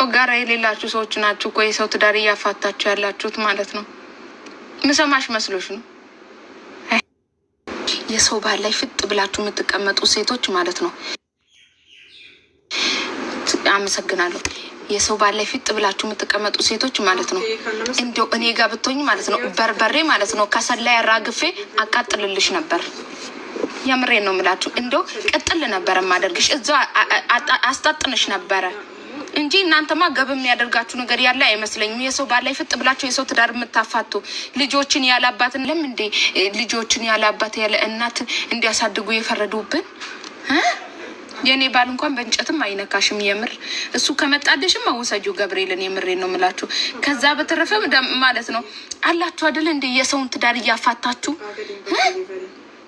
ጮጋራ የሌላችሁ ሰዎች ናችሁ እኮ የሰው ትዳር እያፋታችሁ ያላችሁት ማለት ነው። ምሰማሽ መስሎች ነው። የሰው ባህል ላይ ፍጥ ብላችሁ የምትቀመጡ ሴቶች ማለት ነው። አመሰግናለሁ። የሰው ባል ላይ ፊጥ ብላችሁ የምትቀመጡ ሴቶች ማለት ነው። እንደው እኔ ጋር ብትሆኝ ማለት ነው በርበሬ ማለት ነው ከሰል ላይ አራግፌ አቃጥልልሽ ነበር። የምሬን ነው የምላችሁ። እንደው ቅጥል ነበረ ማደርግሽ፣ እዛ አስጣጥንሽ ነበረ። እንጂ እናንተማ ገብ የሚያደርጋችሁ ነገር ያለ አይመስለኝም። የሰው ባላይ ፍጥ ብላችሁ የሰው ትዳር የምታፋቱ ልጆችን ያለ አባትን ለም እንዴ ልጆችን ያለ አባት ያለ እናት እንዲያሳድጉ የፈረዱብን የእኔ ባል እንኳን በእንጨትም አይነካሽም። የምር እሱ ከመጣልሽም አውሰጁ ገብርኤልን፣ የምሬ ነው ምላችሁ። ከዛ በተረፈ ማለት ነው አላችሁ አደል እንዴ የሰውን ትዳር እያፋታችሁ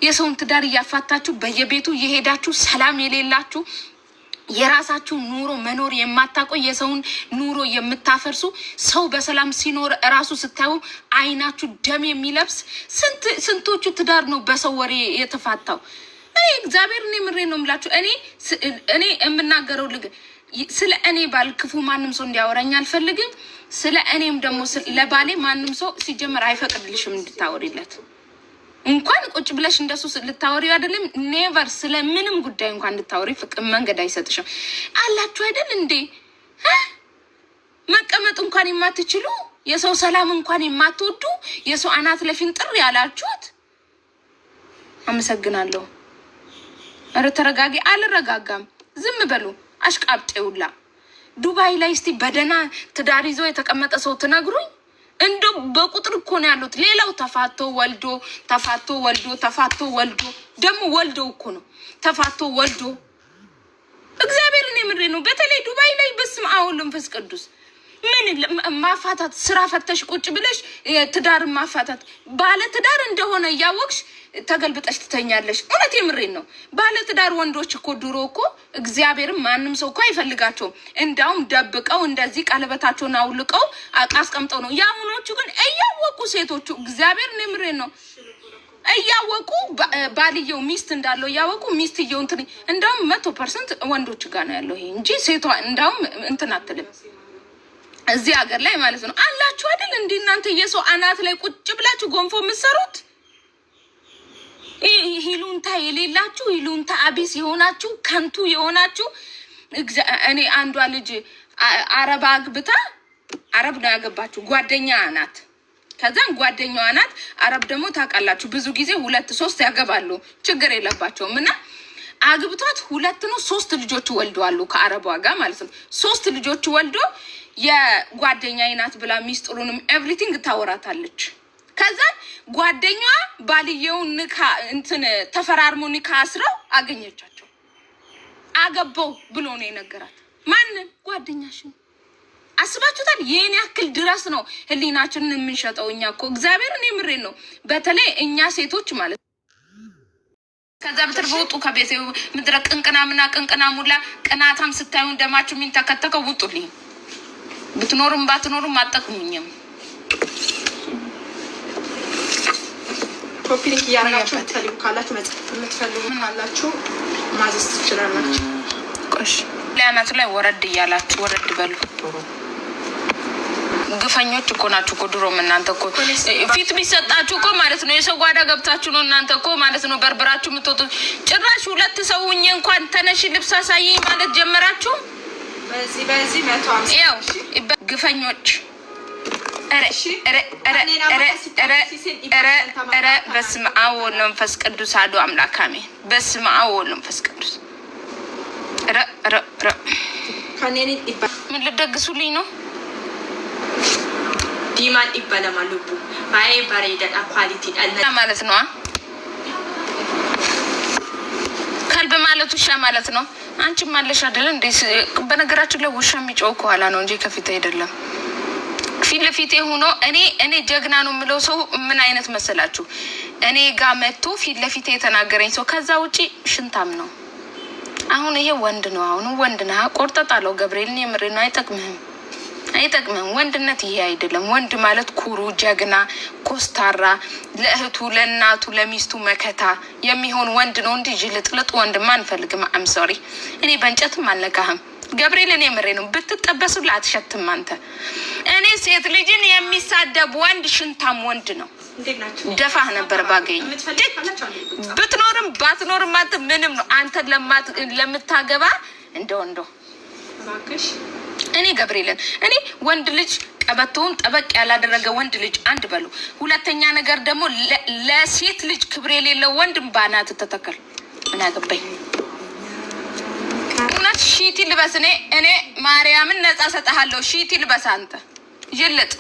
የሰውን ትዳር እያፋታችሁ በየቤቱ እየሄዳችሁ ሰላም የሌላችሁ የራሳችሁ ኑሮ መኖር የማታውቁ የሰውን ኑሮ የምታፈርሱ ሰው በሰላም ሲኖር እራሱ ስታዩ አይናችሁ ደም የሚለብስ ስንቶቹ ትዳር ነው በሰው ወሬ የተፋታው? እግዚአብሔር እኔ ምሬ ነው የምላችሁ። እኔ እኔ የምናገረው ልግ ስለ እኔ ባል ክፉ ማንም ሰው እንዲያወራኝ አልፈልግም። ስለ እኔም ደግሞ ለባሌ ማንም ሰው ሲጀመር አይፈቅድልሽም እንድታወሪለት እንኳን ቁጭ ብለሽ እንደሱ ልታወሪው አይደለም፣ ኔቨር ስለምንም ጉዳይ እንኳን እንድታወሪ ፍቅም መንገድ አይሰጥሽም። አላችሁ አይደል እንዴ መቀመጥ እንኳን የማትችሉ የሰው ሰላም እንኳን የማትወዱ የሰው አናት ለፊንጥር ያላችሁት። አመሰግናለሁ። ኧረ ተረጋጊ። አልረጋጋም። ዝም በሉ አሽቃብጤውላ ዱባይ ላይ እስቲ በደህና ትዳር ይዞ የተቀመጠ ሰው ትነግሩኝ። እንዶ በቁጥር እኮ ነው ያሉት። ሌላው ተፋቶ ወልዶ ተፋቶ ወልዶ ተፋቶ ወልዶ ደግሞ ወልዶ እኮ ነው ተፋቶ ወልዶ እግዚአብሔርን የምሬ ነው። በተለይ ዱባይ ላይ በስም አሁን ወወልድ ቅዱስ ምን ማፋታት ስራ ፈተሽ ቁጭ ብለሽ ትዳርን ማፋታት ባለ ትዳር እንደሆነ እያወቅሽ ተገልብጠሽ ትተኛለሽ። እውነት የምሬን ነው። ባለ ትዳር ወንዶች እኮ ድሮ እኮ እግዚአብሔርም ማንም ሰው እኮ አይፈልጋቸውም። እንዳውም ደብቀው እንደዚህ ቀለበታቸውን አውልቀው አስቀምጠው ነው። የአሁኖቹ ግን እያወቁ ሴቶቹ እግዚአብሔር የምሬን ነው እያወቁ ባልየው ሚስት እንዳለው እያወቁ ሚስትየው እንትን እንደውም መቶ ፐርሰንት ወንዶች ጋር ነው ያለው ይሄ እንጂ ሴቷ እንዳውም እንትን አትልም። እዚህ ሀገር ላይ ማለት ነው አላችሁ አይደል? እንዲህ እናንተ የሰው አናት ላይ ቁጭ ብላችሁ ጎንፎ የምትሰሩት ሂሉንታ የሌላችሁ ሂሉንታ አቢስ የሆናችሁ ከንቱ የሆናችሁ እኔ አንዷ ልጅ አረብ አግብታ አረብ ነው ያገባችሁ፣ ጓደኛ ናት። ከዛም ጓደኛዋ ናት። አረብ ደግሞ ታውቃላችሁ፣ ብዙ ጊዜ ሁለት ሶስት ያገባሉ፣ ችግር የለባቸውም። እና አግብቷት ሁለት ነው ሶስት ልጆች ወልደዋሉ፣ ከአረቧ ጋር ማለት ነው ሶስት ልጆች ወልዶ የጓደኛዬ ናት ብላ ሚስጥሩንም ኤቭሪቲንግ ታወራታለች። ከዛ ጓደኛዋ ባልየው ንካ እንትን ተፈራርሞ ንካ አስረው አገኘቻቸው። አገባው ብሎ ነው የነገራት። ማንን? ጓደኛሽን። አስባችሁታል? ይህን ያክል ድረስ ነው ህሊናችንን የምንሸጠው እኛ እኮ እግዚአብሔርን የምሬን ነው። በተለይ እኛ ሴቶች ማለት ከዛ ብትርፍ ውጡ ከቤት ምድረ ቅንቅናምና ሙላ ቅናታም ስታዩ እንደማችሁ የሚንተከተከው ውጡልኝ። ብትኖሩም ባትኖሩም አጠቅሙኝም። ኮፒ ሊንክ እያደረጋችሁ የምትፈልጉ ካላችሁ መጽሐፍ የምትፈልጉ ምን አላችሁ ማዘዝ ትችላላችሁ። ቆሽ ለአናቱ ላይ ወረድ እያላችሁ ወረድ በሉ። ግፈኞች እኮ ናችሁ እኮ ድሮም እናንተ እኮ ፊት ቢሰጣችሁ እኮ ማለት ነው። የሰው ጓዳ ገብታችሁ ነው እናንተ እኮ ማለት ነው በርብራችሁ የምትወጡት። ጭራሽ ሁለት ሰውዬ እንኳን ተነሽ ልብስ አሳየኝ ማለት ጀመራችሁ። ያው ግፈኞች ረ በስመ አብ ወወልድ ወመንፈስ ቅዱስ አሐዱ አምላክ አሜን። በስመ አብ ወወልድ ወመንፈስ ቅዱስ ምን ልደግሱልኝ ነው? ዲማን ይበለማሉ ማለት ነው። ማለት ውሻ ማለት ነው። አንቺም አለሽ አይደለ እንዴ? በነገራችን ላይ ውሻ የሚጮው ከኋላ ነው እንጂ ከፊት አይደለም። ፊት ለፊቴ ሆኖ እኔ እኔ ጀግና ነው የምለው ሰው ምን አይነት መሰላችሁ? እኔ ጋ መጥቶ ፊት ለፊቴ የተናገረኝ ሰው። ከዛ ውጪ ሽንታም ነው። አሁን ይሄ ወንድ ነው። አሁን ወንድ ነህ። ቆርጠጣለው ገብርኤልን። የምሬ ነው። አይጠቅምህም አይጠቅምም። ወንድነት ይሄ አይደለም። ወንድ ማለት ኩሩ፣ ጀግና፣ ኮስታራ፣ ለእህቱ ለእናቱ ለሚስቱ መከታ የሚሆን ወንድ ነው እንዲ ጅልጥልጥ ወንድማ አንፈልግም። አም ሶሪ እኔ በእንጨትም አልነካህም ገብርኤል፣ እኔ ምሬ ነው ብትጠበሱ ላትሸትም አንተ። እኔ ሴት ልጅን የሚሳደብ ወንድ ሽንታም ወንድ ነው። ደፋህ ነበር ባገኝ ብትኖርም ባትኖርም አንተ ምንም ነው። አንተ ለምታገባ እንደው እንደው እኔ ገብርኤልን እኔ ወንድ ልጅ ቀበቶውን ጠበቅ ያላደረገ ወንድ ልጅ አንድ በሉ። ሁለተኛ ነገር ደግሞ ለሴት ልጅ ክብር የሌለው ወንድም ባናት ተተከል ምን አገባኝ? እውነት ሺቲ ልበስ። እኔ እኔ ማርያምን ነጻ ሰጠሃለሁ። ሺቲ ልበስ አንተ ይልጥ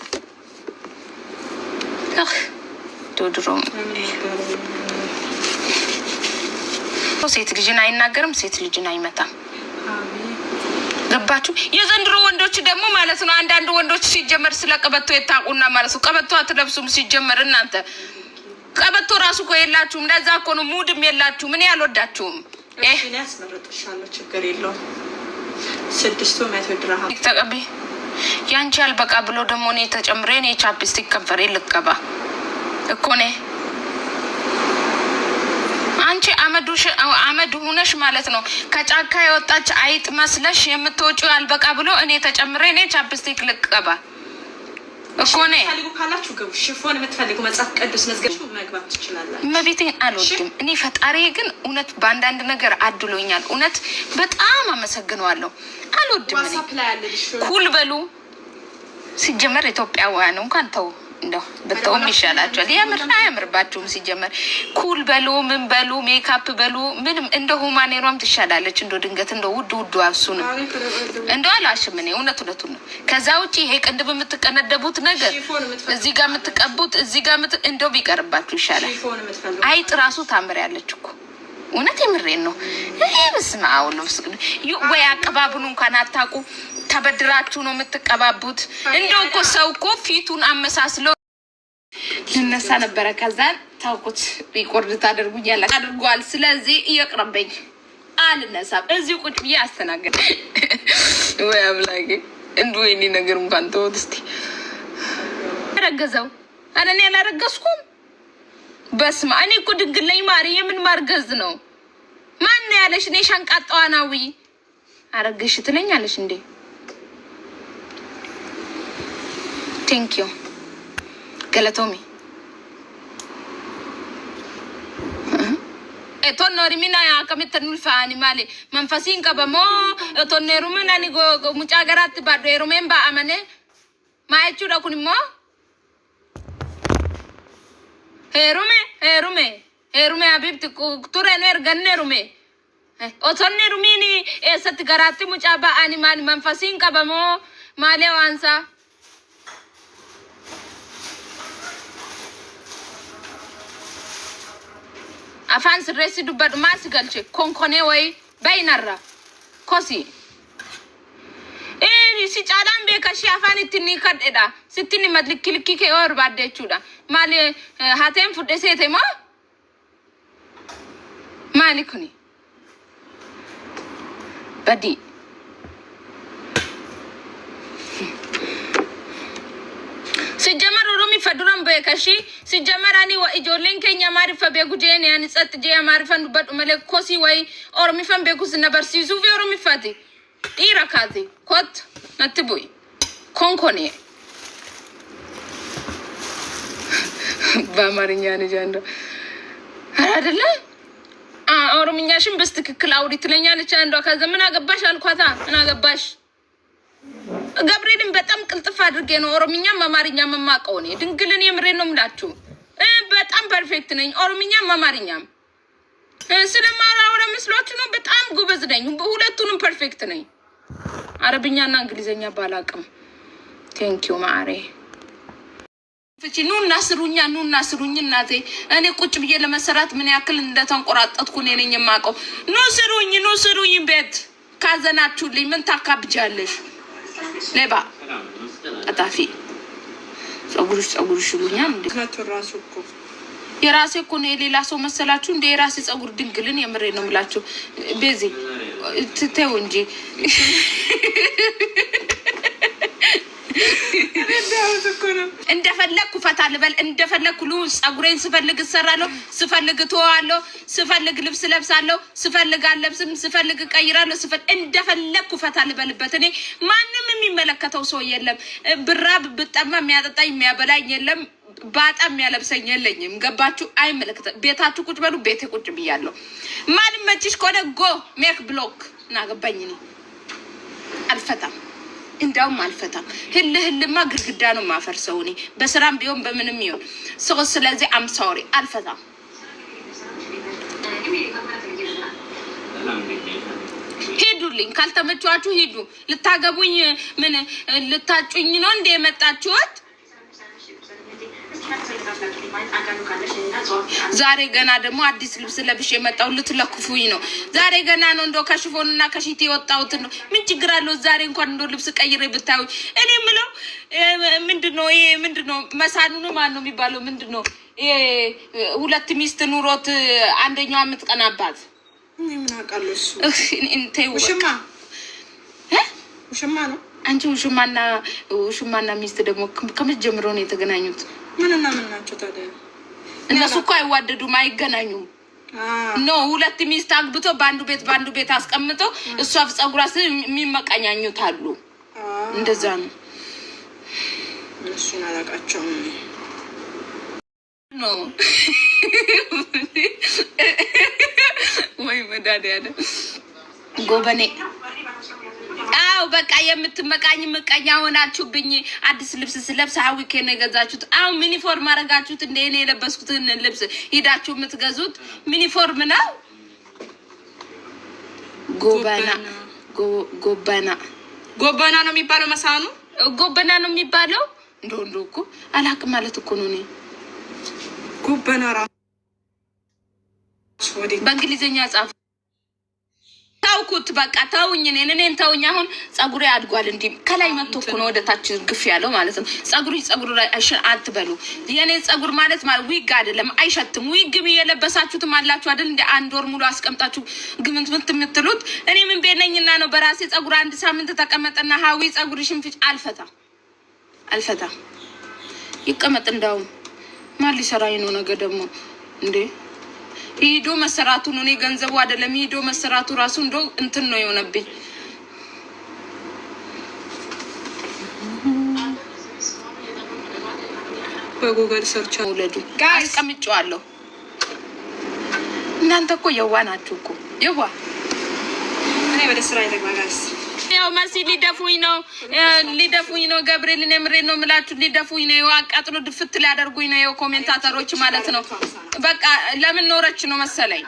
ዶድሮ ሴት ልጅን አይናገርም፣ ሴት ልጅን አይመታም። ገባችሁ? የዘንድሮ ወንዶች ደግሞ ማለት ነው አንዳንድ ወንዶች ሲጀመር ስለ ቀበቶ የታቁና ማለት ነው ቀበቶ አትለብሱም ሲጀመር እናንተ ቀበቶ ራሱ እኮ የላችሁም። ለዛ እኮ ነው ሙድም የላችሁም። እኔ አልወዳችሁም። ያስመረጥሻለሁ፣ ችግር የለውም። ስድስቱ ያንቺ አልበቃ ብሎ ደግሞ እኔ ተጨምሬ እኔ ቻፕስቲክ ከንፈሬ ልቀባ እኮ አመድ ሁነሽ ማለት ነው ከጫካ የወጣች አይጥ መስለሽ የምትወጪ አልበቃ ብሎ እኔ ተጨምሬ እኔ ቻፕስቲክ ልቀባ እኮ እኔ ካላችሁ ገቡ ሽፎን የምትፈልጉ መጽሐፍ ቅዱስ መዝገብ መግባት ትችላላችሁ። እመቤቴን አልወድም እኔ ፈጣሪ ግን እውነት በአንዳንድ ነገር አድሎኛል። እውነት በጣም አመሰግነዋለሁ። አልወድም ኩል በሉ ሲጀመር ኢትዮጵያውያን እንኳን ተው እንደው ብትውም ይሻላቸዋል። የምር አያምርባችሁም። ሲጀመር ኩል በሉ፣ ምን በሉ፣ ሜካፕ በሉ፣ ምንም እንደ ሁማኔሯም ትሻላለች። እንደ ድንገት እንደ ውድ ውድ አብሱ ነው እንደ አላሽም። እኔ እውነት እውነቱ ነው። ከዛ ውጭ ይሄ ቅንድብ የምትቀነደቡት ነገር እዚህ ጋር የምትቀቡት እዚህ ጋር ምት እንደው ቢቀርባችሁ ይሻላል። አይጥ ራሱ ታምር ያለች እኮ እውነት የምሬን ነው። ይሄ ብስማ አሁን ነው ወይ አቀባብሉ እንኳን አታውቁ ተበድራችሁ ነው የምትቀባቡት። እንደው እኮ ሰው እኮ ፊቱን አመሳስለው ልነሳ ነበረ። ከዛን ታውኩት ሪኮርድ ታደርጉ እያለ አድርጓል። ስለዚህ እየቅረበኝ አልነሳም። እዚህ ቁጭ ብዬ አስተናገድ ወይ አምላኬ። እንዱ የኔ ነገር እንኳን ተወት እስቲ። ረገዘው አረ እኔ አላረገዝኩም። በስማ እኔ እኮ ድንግል ነኝ ማሪ። የምን ማርገዝ ነው? ማን ያለሽ? እኔ ሻንቃጣዋናዊ አረገሽ ትለኛለሽ እንዴ? ቴንኪዩ ገለቶሜ ቶኖሪሚና ያከምተኑልፋኒ ማሌ መንፈሲን ቀበሞ ቶኔሩምናኒ ሙጫ ገራት ባዶ የሮሜን ባአመነ ማየቹ ደኩን ሞ ሄሩሜ ሄሩሜ ሄሩሜ አቢብት ቱሬኑ ኤርገነ ሩሜ ኦቶኔ ሩሚኒ ኤሰት ገራት ሙጫ ባአኒ ማኒ መንፈሲን ቀበሞ ማሌ ዋንሳ afaan sirreessi dubbadhumaa si galche konkonee wayi bayinarra kosi si caalaan beeka ishee afaan ittiin ni kadhedha sittiin nima likkilikkii kee yoo barbaadde jechuudha maali hateen fudhe seete moo maali kuni badii duran bee kashii sijamar ani ijoolleen keenya amaariffa beeku jeen ani tsatti jee amaariffan dubbadhu malee kosii wayi oromifan beeku sina barsiisuu fi oromiffaati dhiira kaati kot natti bu'i konkoni በአማርኛ ልጅ አንዱ ኧረ አይደለ ኦሮምኛሽን በስትክክል አውሪ ትለኛለች አንዷ። ከዛ ምን አገባሽ አልኳታ። ምን አገባሽ ገብርኤልን በጣም ቅልጥፍ አድርጌ ነው ኦሮምኛም አማርኛም የማውቀው እኔ። ድንግልን የምሬ ነው የምላችሁ፣ በጣም ፐርፌክት ነኝ ኦሮምኛም አማርኛም። ስለማራወረ መስሏችሁ ነው። በጣም ጎበዝ ነኝ፣ ሁለቱንም ፐርፌክት ነኝ። አረብኛና እንግሊዝኛ ባላቅም ቴንኪዩ ማሬ ፍቺ ኑ እናስሩኛ ኑ እናስሩኝ እናቴ። እኔ ቁጭ ብዬ ለመሰራት ምን ያክል እንደተንቆራጠጥኩ እኔ ነኝ የማውቀው። ኑ ስሩኝ፣ ኑ ስሩኝ። ቤት ካዘናችሁልኝ ምን ታካብጃለሽ? ሌባ ቀጣፊ ጸጉርሽ ጸጉርሽ ይሉኛል እንዴ? ራሱ እኮ የራሴ እኮ ነው። የሌላ ሰው መሰላችሁ እንደ የራሴ ጸጉር ድንግልን የምሬ ነው የምላችሁ። ቤዚ ትተው እንጂ እንደፈለግኩ ፈታ ልበል፣ እንደፈለግኩ ልሁን። ፀጉሬን ስፈልግ እሰራለሁ፣ ስፈልግ እተወዋለሁ፣ ስፈልግ ልብስ ለብሳለሁ፣ ስፈልግ አለብስም፣ ስፈልግ እቀይራለሁ። እንደፈለግኩ ፈታ ልበልበት። እኔ ማንም የሚመለከተው ሰው የለም። ብራ ብጠማ የሚያጠጣኝ የሚያበላኝ የለም። በጣም የሚያለብሰኝ የለኝም። ገባችሁ? አይመለክተ ቤታችሁ ቁጭ በሉ። ቤቴ ቁጭ ብያለሁ። ማንም መችሽ ከሆነ ጎ ሜክ ብሎክ እናገባኝ ነው አልፈታም እንዲያውም አልፈታም። ህል ህልማ ግድግዳ ነው ማፈርሰው እኔ በስራም ቢሆን በምንም ይሆን ሰው። ስለዚህ ሶሪ አልፈታም። ሂዱልኝ፣ ካልተመቻችሁ ሂዱ። ልታገቡኝ ምን ልታጩኝ ነው እንደ የመጣችሁት? ዛሬ ገና ደግሞ አዲስ ልብስ ለብሽ የመጣው ልትለክፉኝ ነው። ዛሬ ገና ነው እንደው ከሽፎንና ከሽት የወጣሁት ነው። ምን ችግር አለው? ዛሬ እንኳን እንደው ልብስ ቀይሬ ብታዩ። እኔ ምለው ምንድን ነው ይሄ? ምንድን ነው መሳኑን ማን ነው የሚባለው? ምንድን ነው ሁለት ሚስት ኑሮት አንደኛው የምትቀናባት ውሽማ ነው። አንቺ ውሽማና ውሽማና ሚስት ደግሞ ከመጀመሪያው ነው የተገናኙት። ምንና ምን ናቸው ታዲያ? እነሱ እኮ አይዋደዱም፣ አይገናኙም። ኖ ሁለት ሚስት አግብቶ በአንዱ ቤት በአንዱ ቤት አስቀምጠው እሷ ፀጉሯ ስ የሚመቀኛኙት አሉ። እንደዛ ነው። እሱን አላውቃቸውም ነው ወይ መዳድ ያለ ጎበኔ አው በቃ የምትመቃኝ ምቀኛ ሆናችሁብኝ። አዲስ ልብስ ስለብስ ሀዊኬ ነው የገዛችሁት። አው ሚኒፎርም አረጋችሁት። እንደ እኔ የለበስኩትን ልብስ ሂዳችሁ የምትገዙት ሚኒፎርም ነው። ጎበና ጎበና ጎበና ነው የሚባለው። መሳኑ ጎበና ነው የሚባለው። እንደ ወንዶ እኮ አላቅም ማለት እኮ ነው። እኔ ጎበና ራሱ በእንግሊዝኛ ጻፍ ታውኩት። በቃ ተውኝ፣ እኔን እኔን ተውኝ። አሁን ፀጉሬ አድጓል። እንዲህ ከላይ መጥቶ እኮ ነው ወደ ታች ግፍ ያለው ማለት ነው። ፀጉሪ ፀጉር አትበሉ። የእኔን ጸጉር ማለት ማለት ዊግ አይደለም፣ አይሸትም። ዊግ የለበሳችሁትም አላችሁ አይደል? እንደ አንድ ወር ሙሉ አስቀምጣችሁ ግምት ምት የምትሉት እኔ ምን ቤነኝና ነው በራሴ ጸጉር አንድ ሳምንት ተቀመጠና ሀዊ ፀጉር ሽንፍጭ አልፈታ አልፈታ ይቀመጥ። እንዳውም ማን ሊሰራኝ ነው ነገ ደግሞ እንዴ? ሂዶ መሰራቱን እኔ ገንዘቡ አይደለም ሂዶ መሰራቱ ራሱ እንዶ እንትን ነው የሆነብኝ። በጉግል ሰርች ውለዱ ጋር አስቀምጬዋለሁ። እናንተ እኮ የዋ ናችሁ እኮ የዋ እኔ ወደ ስራ ነው። መሲ ሊደፉኝ ነው፣ ሊደፉኝ ነው። ገብርኤልን የምሬ ነው የምላችሁ፣ ሊደፉኝ ነው። ይኸው አቃጥሎ ድፍት ሊያደርጉኝ ነው። ይኸው ኮሜንታተሮች ማለት ነው። በቃ ለምን ኖረች ነው መሰለኝ።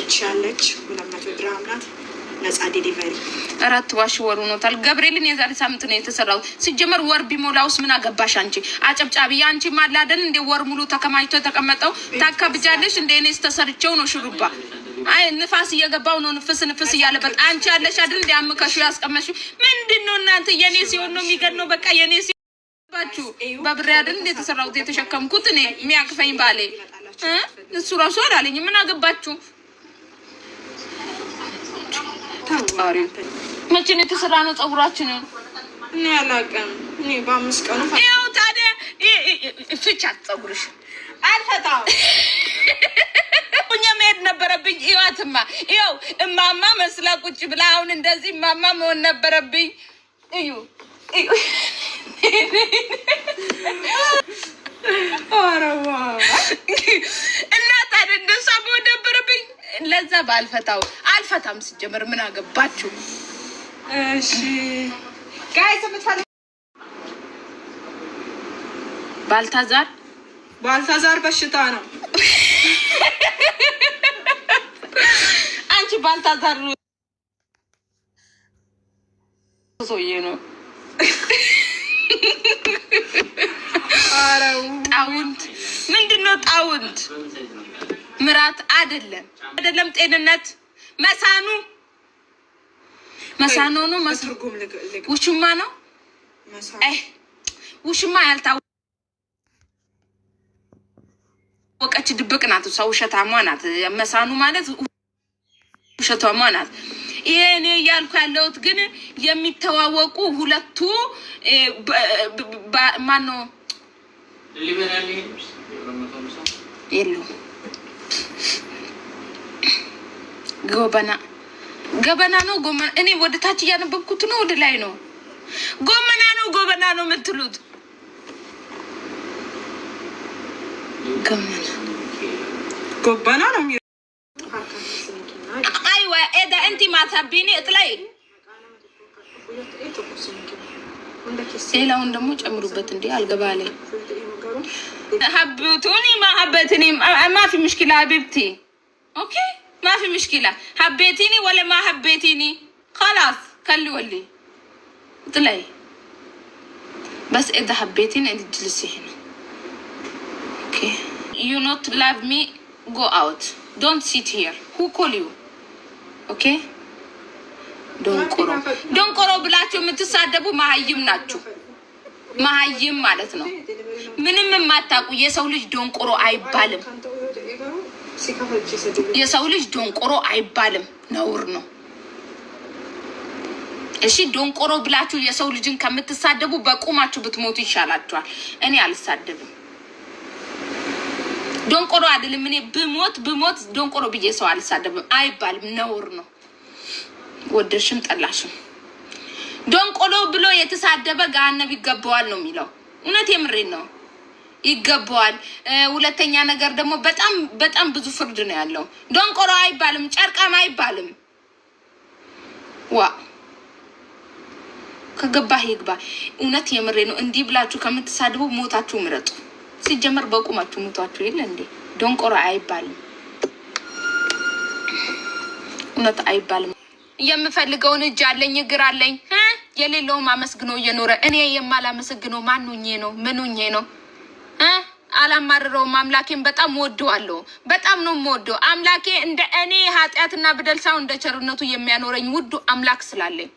እች ያለች ሁለት መቶ ድራም ናት። ነጻ ዴሊቨሪ አራት ዋሽ ወር ሆኖታል። ገብርኤልን የዛሬ ሳምንት ነው የተሰራው። ሲጀመር ወር ቢሞላውስ ምን አገባሽ አንቺ አጨብጫቢ። አንቺ ማላደን እንደ ወር ሙሉ ተከማችቶ የተቀመጠው ታካብጃለሽ። እንደ እኔስ ተሰርቼው ነው ሽሩባ አይ ንፋስ እየገባው ነው። ንፍስ ንፍስ እያለበት አንቺ አለሽ አይደል እንደ አምከሹ ያስቀመሹ ምንድን ነው እናንተ? የኔ ሲሆን ነው የሚገድነው። በቃ የኔ ሲባችሁ በብሬ አይደል እንደ የተሰራሁት የተሸከምኩት እኔ የሚያቅፈኝ ባሌ እሱ ራሱ አላለኝ። ምን አገባችሁ? መቼ ነው የተሰራ ነው ጸጉራችን? እኔ አላውቅም። እኔ በአምስት ቀኑ ይኸው ታዲያ ፍቻት ጸጉርሽ አልፈታው ጥላብኝ መሄድ ነበረብኝ። እዋትማ ይኸው እማማ መስላ ቁጭ ብላ አሁን እንደዚህ እማማ መሆን ነበረብኝ። እዩ እናት እንደሷ መሆን ነበረብኝ። ለዛ ባልፈታው አልፈታም። ሲጀመር ምን አገባችሁ? እሺ ጋይ ባልታዛር ባልታዛር በሽታ ነው። አንቺ ባልታዛር ነው ሰውዬ ነው። ጣውንት ምንድን ነው? ጣውንት ምራት አይደለም፣ አይደለም። ጤንነት መሳኑ መሳኖ ነው። ውሽማ ነው ውሽማ ያልታ ወቀች ድብቅ ናት። እሷ ውሸታሟ ናት። መሳኑ ማለት ውሸቷማ ናት። ይሄ እኔ እያልኩ ያለሁት ግን የሚተዋወቁ ሁለቱ ማን ነው? የለውም ጎበና ገበና ነው ጎመና። እኔ ወደ ታች እያነበብኩት ነው፣ ወደ ላይ ነው። ጎመና ነው ጎበና ነው የምትሉት كوبانا رم ايوه ايه انت ما تحبيني اطلعي ደግሞ إيه ጨምሩበት ما حبتني ما في مشكله حبيبتي اوكي ما في مشكله حبيتيني ولا ما حبيتيني خلاص كلي ولي اطلعي بس اذا حبيتيني انت تجلسي هنا ኦኬ ዩ ኖት ላቭ ሚ ጎ አውት ዶንት ሲት ሂር ሁ ኮል ዩ ኦኬ ዶንቆሮ ዶንቆሮ ብላችሁ የምትሳደቡ መሀይም ናችሁ። መሀይም ማለት ነው ምንም የማታውቁ። የሰው ልጅ ዶንቆሮ አይባልም። የሰው ልጅ ዶንቆሮ አይባልም፣ ነውር ነው። እሺ ዶንቆሮ ብላችሁ የሰው ልጅን ከምትሳደቡ በቁማችሁ ብትሞቱ ይሻላችኋል። እኔ አልሳደብም። ዶንቆሮ አይደለም። እኔ ብሞት ብሞት ዶንቆሮ ብዬ ሰው አልሳደብም አይባልም፣ ነውር ነው። ወደድሽም ጠላሽም ዶንቆሎ ብሎ የተሳደበ ገሃነብ ይገባዋል ነው የሚለው። እውነት የምሬ ነው፣ ይገባዋል። ሁለተኛ ነገር ደግሞ በጣም በጣም ብዙ ፍርድ ነው ያለው። ዶንቆሎ አይባልም፣ ጨርቃም አይባልም። ዋ ከገባህ ይግባ። እውነት የምሬ ነው። እንዲህ ብላችሁ ከምትሳድቡ ሞታችሁ ምረጡ። ሲጀመር በቁማችሁ ሙቷችሁ የለ እንዴ? ደንቆሮ አይባልም፣ እውነት አይባልም። የምፈልገውን እጅ አለኝ እግር አለኝ፣ የሌለውም አመስግኖ እየኖረ እኔ የማላመሰግነው ማንኜ ነው? ምንኜ ነው? አላማርረውም። አምላኬን በጣም ወደዋለሁ። በጣም ነው የምወደው። አምላኬ እንደ እኔ ኃጢአትና ብደልሳው እንደ ቸርነቱ የሚያኖረኝ ውዱ አምላክ ስላለኝ